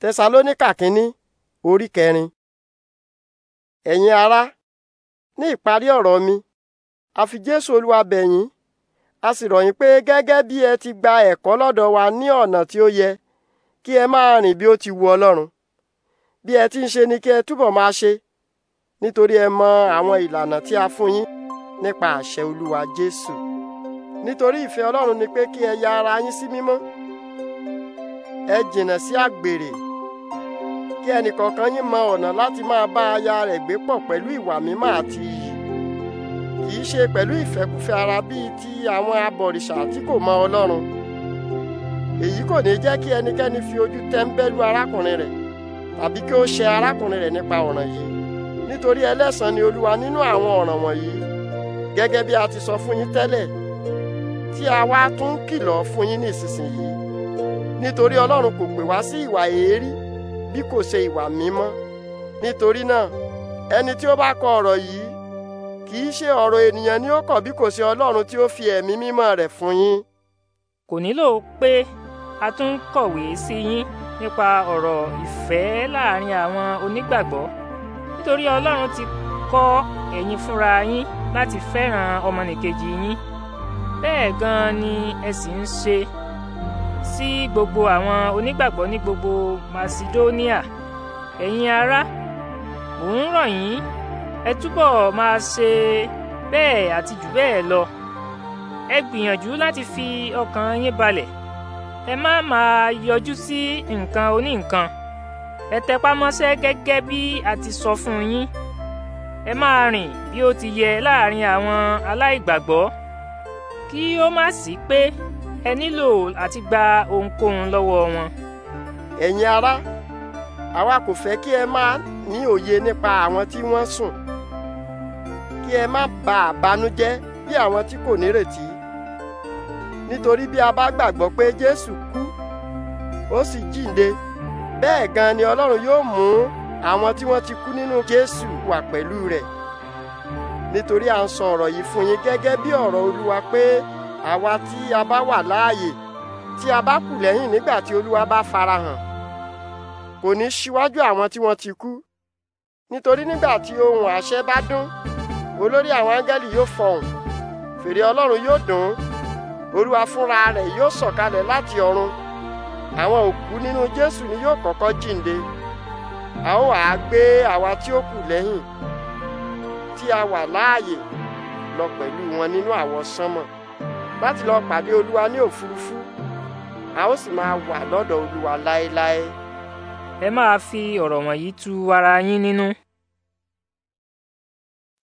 tẹsalóníkà kínní orí kẹrin. ẹ̀yin ará ní ìparí ọ̀rọ̀ mi a fi jésù olúwa bẹ̀ yín a sì rọ̀ yín pé gẹ́gẹ́ bí ẹ ti gba ẹ̀kọ́ lọ́dọ̀ wa ní ọ̀nà tí ó yẹ kí ẹ máa rìn bí ó ti wu ọlọ́run bí ẹ ti ń ṣe ni kí ẹ túbọ̀ máa ṣe nítorí ẹ mọ àwọn ìlànà tí a fún yín nípa àṣẹ olúwa jésù nítorí ìfẹ́ ọlọ́run ni pé kí ẹ ya ara yín sí mímọ́ ẹ jìnnà sí àgbèrè. Si kí ẹnìkọ̀ọ̀kan yín mọ ọ̀nà láti máa bá aya rẹ̀ gbé pọ̀ pẹ̀lú ìwà mímọ́ àti iyì kì í ṣe pẹ̀lú ìfẹ́kúfẹ́ ara bíi ti àwọn abọ̀rìṣà tí kò mọ Ọlọ́run èyí kò ní jẹ́ kí ẹnikẹ́ni fi ojú tẹ́ńbẹ́lú arákùnrin rẹ̀ tàbí kí ó ṣe arákùnrin rẹ̀ nípa ọ̀ràn yìí nítorí ẹlẹ́san ni Olúwa nínú àwọn ọ̀ràn wọ̀nyí gẹ́gẹ́ bí a ti sọ fún yín tẹ́lẹ̀ tí a wá tún kìlọ̀ fún yín nísinsìnyí nítorí Ọlọ́run kò pè wá sí ìwà èérí bí kò ṣe ìwà mímọ́ nítorí náà ẹni tí ó bá kọ ọ̀rọ̀ yìí kì í ṣe ọ̀rọ̀ ènìyàn ni ó kọ̀ bí kò ṣe Ọlọ́run tí ó fi ẹ̀mí mímọ́ rẹ̀ fún yín. kò nílò pé a tún kọ̀wé sí yín nípa ọ̀rọ̀ ìfẹ́ láàrin àwọn onígbàgbọ́ nítorí Ọlọ́run ti kọ́ ẹ̀yin fúnra yín láti fẹ́ràn ọmọnìkejì yín bẹ́ẹ̀ gan-an ni ẹ sì ń ṣe sí gbogbo àwọn onígbàgbọ́ ní gbogbo Masidóníà ẹ̀yin ará mò ń rọ̀ yín ẹ túbọ̀ máa ṣe bẹ́ẹ̀ àti jù bẹ́ẹ̀ lọ ẹ gbìyànjú láti fi ọkàn yín balẹ̀ ẹ má máa yọjú sí nǹkan oníǹkan ẹ tẹpámọ́ṣẹ́ gẹ́gẹ́ bí a ti sọ fún yín ẹ máa rìn bí ó ti yẹ láàrin àwọn aláìgbàgbọ́ kí ó má sí pé ẹ nílò àti gba ohunkóhun lọ́wọ́ wọn. ẹ̀yin ará àwa kò fẹ́ kí ẹ máa ní òye nípa àwọn tí wọ́n sùn kí ẹ má bà á banújẹ́ bí àwọn tí kò nírètí nítorí bí a bá gbàgbọ́ pé Jésù kú ó sì jíǹde bẹ́ẹ̀ gan ni Ọlọ́run yóò mú àwọn tí wọ́n ti kú nínú Jésù wá pẹ̀lú rẹ̀ nítorí à ń sọ ọ̀rọ̀ yìí fún yín gẹ́gẹ́ bí ọ̀rọ̀ Olúwa pé àwa tí a bá wà láàyè tí a bá kù lẹ́yìn nígbà tí Olúwa bá farahàn kò ní ṣíwájú àwọn tí wọ́n ti kú nítorí nígbà tí ohun àṣẹ bá dún olórí àwọn áńgẹ́lì yóò fọhùn fèrè Ọlọ́run yóò dùn Olúwa fúnra rẹ̀ yóò sọ̀kalẹ̀ láti ọ̀run àwọn òkú nínú Jésù ni yóò kọ́kọ́ jíǹde a ó wàá gbé àwa tí ó kù lẹ́yìn tí a wà láàyè lọ pẹ̀lú wọn nínú àwọsánmọ̀ láti lọ pàdé olúwa ní òfurufú a ó sì máa wà lọ́dọ̀ olúwa láéláé. ẹ máa fi ọ̀rọ̀ wọ̀nyí tu ara yín nínú.